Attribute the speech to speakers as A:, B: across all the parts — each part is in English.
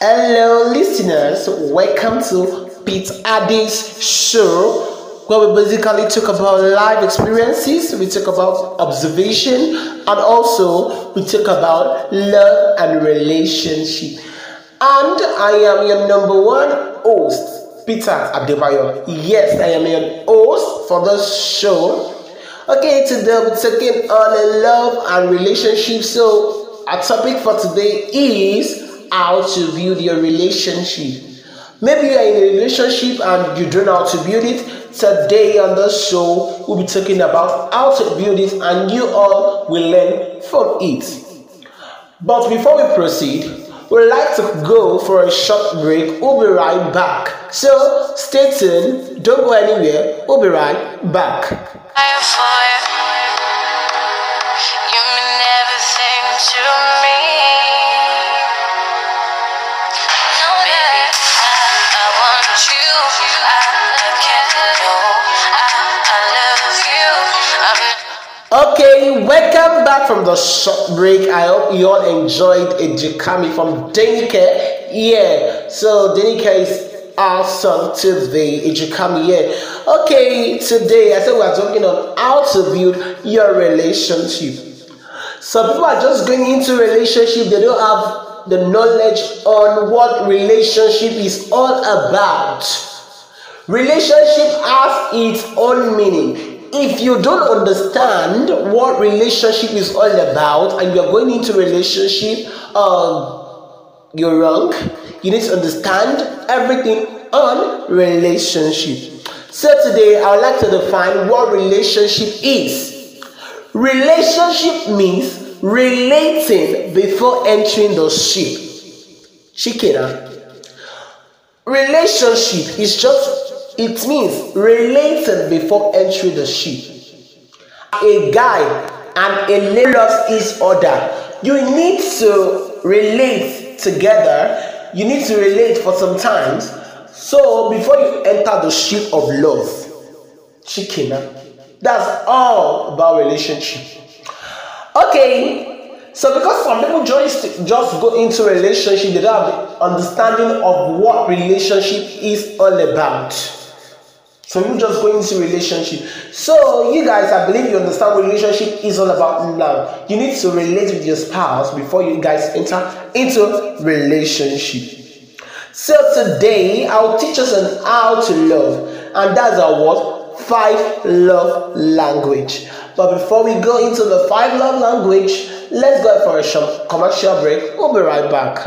A: Hello, listeners. Welcome to Pete Addis Show, where we basically talk about life experiences, we talk about observation, and also we talk about love and relationship. And I am your number one host, Peter Adebayo. Yes, I am your host for this show. Okay, today we're talking on love and relationship. So, our topic for today is how to build your relationship. Maybe you are in a relationship and you don't know how to build it. Today on the show, we'll be talking about how to build it, and you all will learn from it. But before we proceed, We'd like to go for a short break. We'll be right back. So stay tuned. Don't go anywhere. We'll be right back. Okay, welcome back from the short break. I hope you all enjoyed Ejikami from Denike. Yeah, so Denike is our song today, Ejikami. Yeah. Okay, today I said we are talking on how to build your relationship. Some people are just going into relationship, they don't have the knowledge on what relationship is all about. Relationship has its own meaning if you don't understand what relationship is all about and you're going into relationship um, you're wrong you need to understand everything on relationship so today i would like to define what relationship is relationship means relating before entering the ship chikera relationship is just It means related before entering the ship. A guy and a lady loves each other. You need to relate together. You need to relate for some times. So before you enter the ship of love, chicken. That's all about relationship. Okay, so because some people just just go into relationship, they don't have the understanding of what relationship is all about. So you just go into relationship. So you guys, I believe you understand what relationship is all about now. You need to relate with your spouse before you guys enter into relationship. So today I'll teach us on how to love, and that's our what five love language. But before we go into the five love language, let's go for a short commercial break. We'll be right back.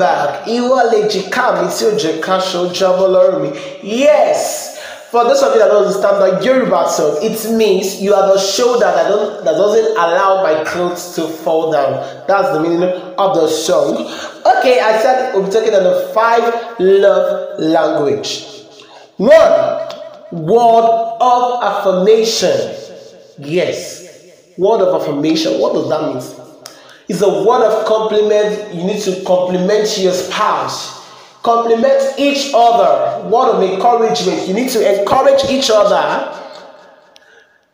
A: back. Yes. For those of you that don't understand that you're about song, it means you are the shoulder that, don't, that doesn't allow my clothes to fall down. That's the meaning of the song. Okay, I said we'll be talking on the five love language. One, word of affirmation. Yes, word of affirmation. What does that mean? is a word of compliment. You need to compliment your spouse. Compliment each other. Word of encouragement. You need to encourage each other.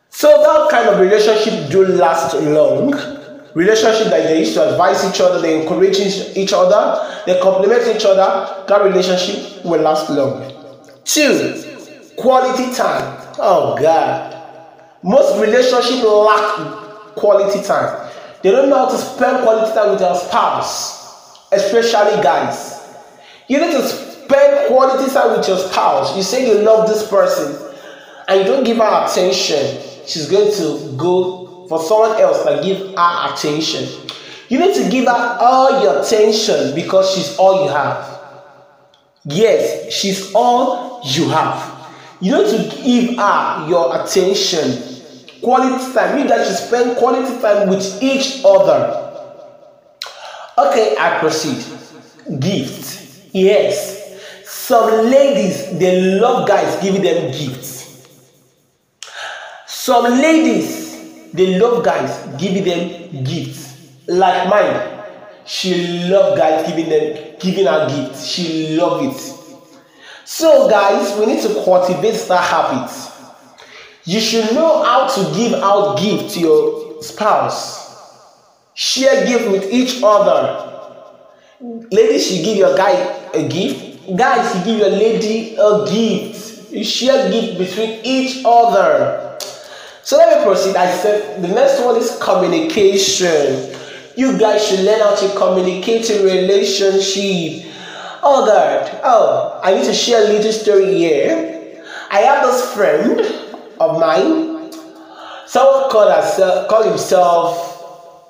A: So that kind of relationship do last long. Relationship that they used to advise each other, they encourage each other, they compliment each other. That relationship will last long. Two, quality time. Oh God, most relationships lack quality time They don't know how to spend quality time with their spouse, especially guys. You need to spend quality time with your spouse. You say you love this person and you don't give her attention, she's going to go for someone else that give her attention. You need to give her all your attention because she's all you have. Yes, she's all you have. You need to give her your attention Quality time. You guys should spend quality time with each other. Okay, I proceed. Gifts. Yes. Some ladies, they love guys giving them gifts. Some ladies, they love guys giving them gifts. Like mine, she love guys giving them giving her gifts. She love it. So guys, we need to cultivate that habit. You should know how to give out gift to your spouse. Share gift with each other. Ladies should give your guy a gift. Guys should give your lady a gift. You share gift between each other. So let me proceed. I said the next one is communication. You guys should learn how to communicate in relationship. Oh God, oh, I need to share a little story here. I have this friend of mine. Someone called, herself, himself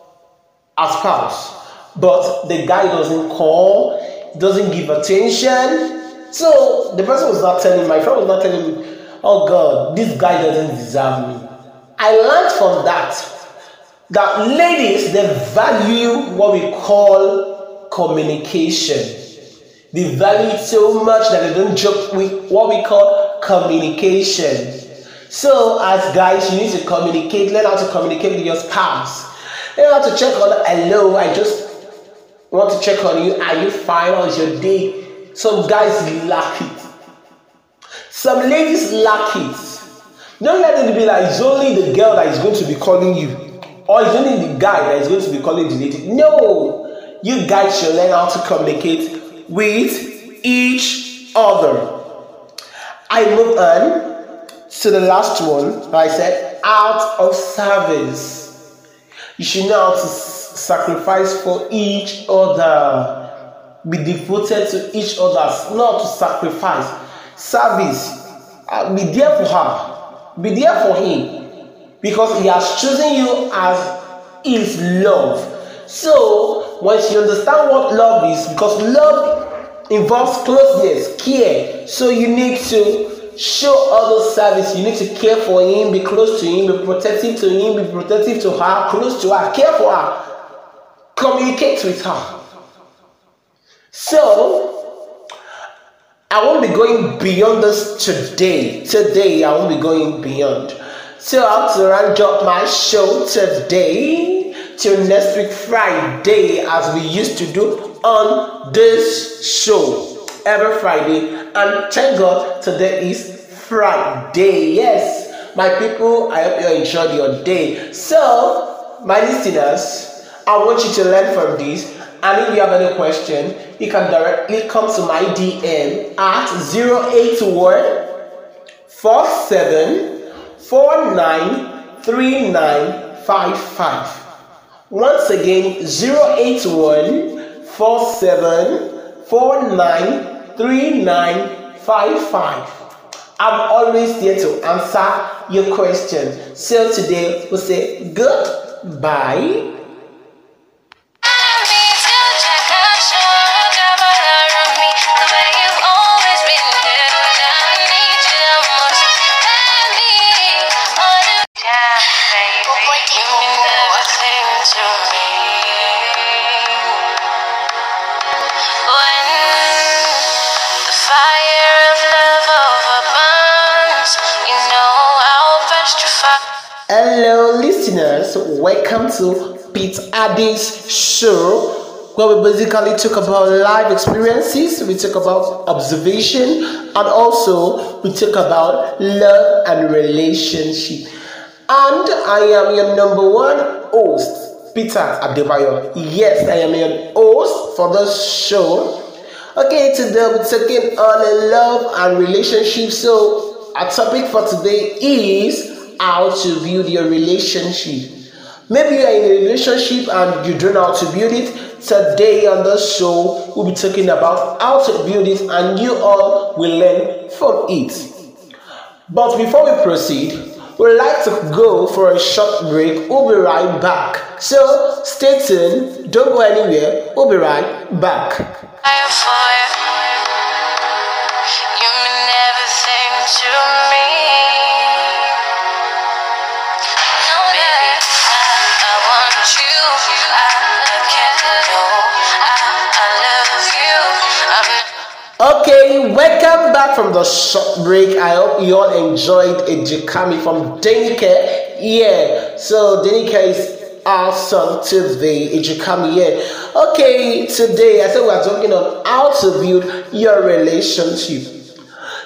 A: a spouse, but the guy doesn't call, doesn't give attention. So the person was not telling, my friend was not telling me, oh God, this guy doesn't deserve me. I learned from that that ladies they value what we call communication. They value it so much that they don't joke with what we call communication. So, as guys, you need to communicate, learn how to communicate with your spouse. Learn how to check on, hello, I just want to check on you. Are you fine? How's your day? Some guys lack it. Some ladies lack it. Don't let it be like it's only the girl that is going to be calling you, or it's only the guy that is going to be calling the lady. No, you guys should learn how to communicate with each other. I move on. So the last one I said, out of service. You should know how to sacrifice for each other. Be devoted to each other, not to sacrifice. Service. Uh, be there for her. Be there for him. Because he has chosen you as his love. So when she understand what love is, because love involves closeness, care. So you need to show other service. You need to care for him, be close to him, be protective to him, be protective to her, close to her, care for her, communicate with her. So, I won't be going beyond this today. Today, I won't be going beyond. So, I have to round up my show today till next week, Friday, as we used to do on this show every Friday and thank God today is Friday. Yes, my people, I hope you enjoyed your day. So, my listeners, I want you to learn from this. And if you have any question, you can directly come to my DM at 081 47 Once again, 081 47 49 3955. I'm always there to answer your questions. So today we'll say goodbye. Hello, listeners. Welcome to Pete Addy's show, where we basically talk about life experiences, we talk about observation, and also we talk about love and relationship. And I am your number one host, Peter Adebayo. Yes, I am your host for this show. Okay, today we're talking on love and relationship. So, our topic for today is how to build your relationship. Maybe you are in a relationship and you don't know how to build it. Today on the show, we'll be talking about how to build it, and you all will learn from it. But before we proceed, we'd like to go for a short break. We'll be right back. So stay tuned, don't go anywhere. We'll be right back. back from the short break. I hope you all enjoyed Ejikami from Denike. Yeah, so Denike is our song today, Ejikami. Yeah, okay, today I said we are talking on how to build your relationship.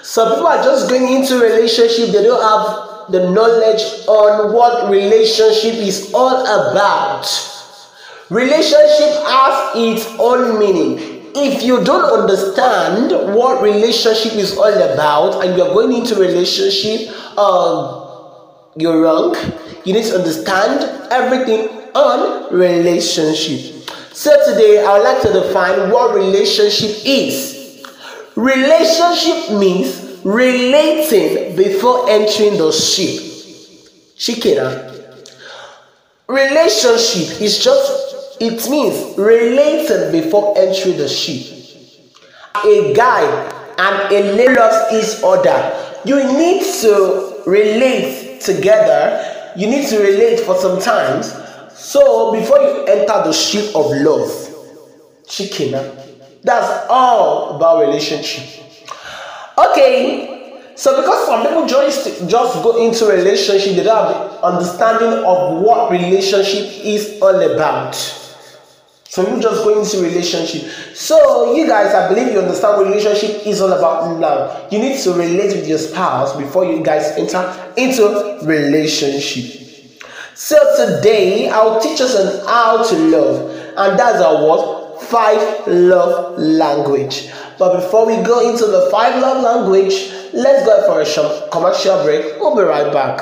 A: Some people are just going into relationship, they don't have the knowledge on what relationship is all about. Relationship has its own meaning if you don't understand what relationship is all about and you're going into relationship um, you're wrong you need to understand everything on relationship so today i would like to define what relationship is relationship means relating before entering the ship chikera relationship is just It means related before entering the ship. A guide and a lady loves each other. You need to relate together. You need to relate for some times. So before you enter the ship of love, chicken. That's all about relationship. Okay, so because some people just just go into relationship, they don't have the understanding of what relationship is all about. So you just go into relationship. So you guys, I believe you understand what relationship is all about love. You need to relate with your spouse before you guys enter into relationship. So today I'll teach us on how to love, and that's our what five love language. But before we go into the five love language, let's go for a short commercial break. We'll be right back.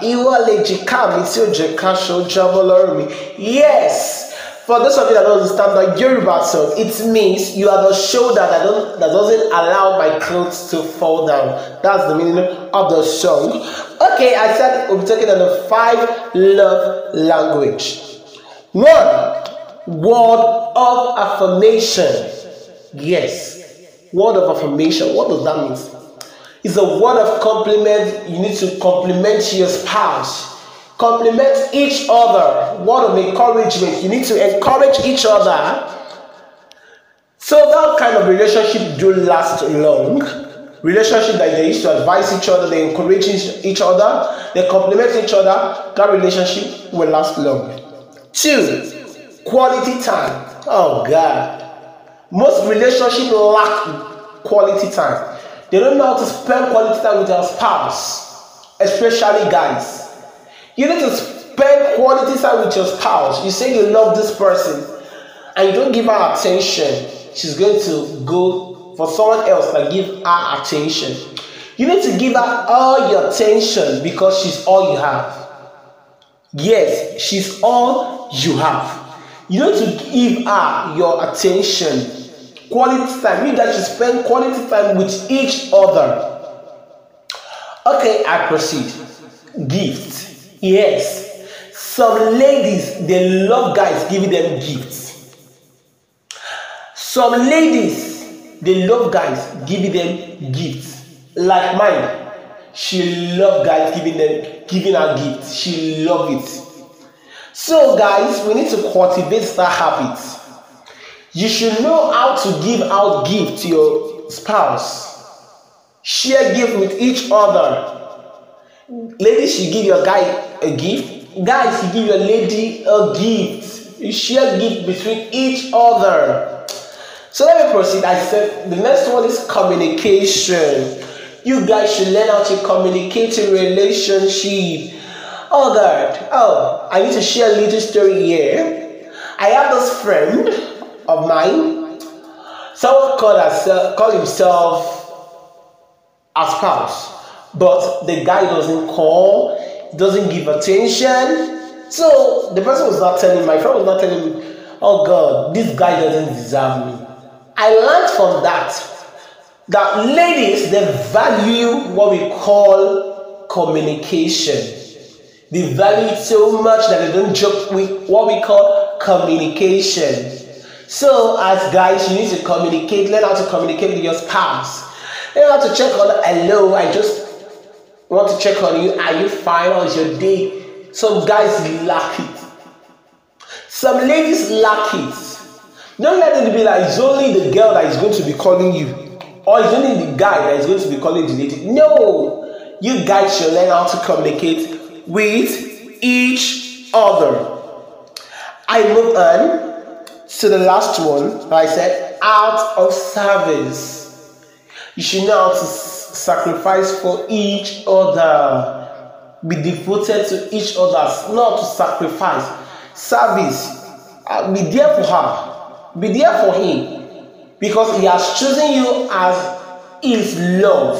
A: ìwọ lè jìká mi tí ó jẹ́ káṣọ jábọ́ lọ́rùn mi yes. For those of you that don't understand the Yoruba song, it means you are the shoulder that, don't, that doesn't allow my clothes to fall down. That's the meaning of the song. Okay, I said we'll be talking on the five love language. One, word of affirmation. Yes, word of affirmation. What does that mean? is a word of compliment. You need to compliment your spouse. Compliment each other. Word of encouragement. You need to encourage each other. So that kind of relationship do last long. Relationship that they used to advise each other, they encourage each other, they compliment each other. That relationship will last long. Two, quality time. Oh God, most relationship lack quality time They don't know how to spend quality time with their spouse, especially guys. You need to spend quality time with your spouse. You say you love this person and you don't give her attention, she's going to go for someone else that give her attention. You need to give her all your attention because she's all you have. Yes, she's all you have. You need to give her your attention Quality time. You guys should spend quality time with each other. Okay, I proceed. Gifts. Yes. Some ladies, they love guys giving them gifts. Some ladies, they love guys giving them gifts. Like mine, she love guys giving them giving her gifts. She love it. So guys, we need to cultivate that habit You should know how to give out gift to your spouse. Share gift with each other. Ladies should give your guy a gift. Guys should give your lady a gift. You share gift between each other. So let me proceed. I said the next one is communication. You guys should learn how to communicate in relationship. Oh God, oh, I need to share a little story here. I have this friend of mine. Someone called, herself, called himself a spouse, but the guy doesn't call, doesn't give attention. So the person was not telling, my friend was not telling me, oh God, this guy doesn't deserve me. I learned from that that ladies they value what we call communication. They value it so much that they don't joke with what we call communication. So, as guys, you need to communicate, learn how to communicate with your spouse. Learn how to check on, hello, I just want to check on you. Are you fine? How's your day? Some guys lack it. Some ladies lack it. Don't let it be like it's only the girl that is going to be calling you, or it's only the guy that is going to be calling the lady. No! You guys should learn how to communicate with each other. I move on. So the last one I said, out of service. You should know how to sacrifice for each other. Be devoted to each other, not to sacrifice. Service. Uh, be there for her. Be there for him. Because he has chosen you as his love.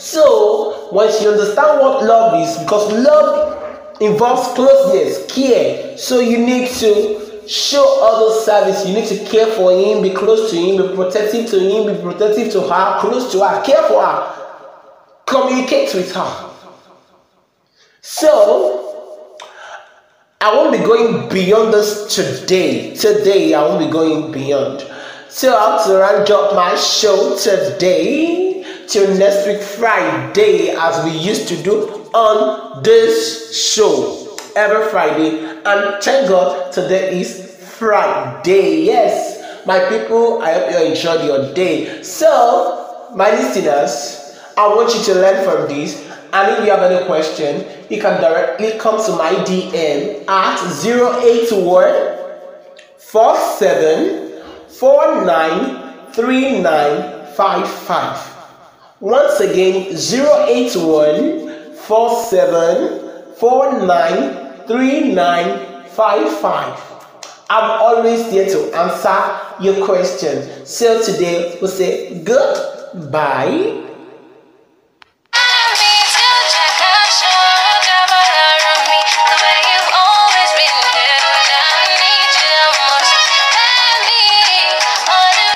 A: So when she understand what love is, because love involves closeness, care. So you need to show other service. You need to care for him, be close to him, be protective to him, be protective to her, close to her, care for her, communicate with her. So, I won't be going beyond this today. Today, I won't be going beyond. So, I have to round up my show today till next week, Friday, as we used to do on this show every Friday and thank God today is Friday. Yes, my people, I hope you enjoyed your day. So, my listeners, I want you to learn from this. And if you have any question, you can directly come to my DM at 081 47 Once again, 081 47 3955. I'm always there to answer your questions. So today we we'll say goodbye.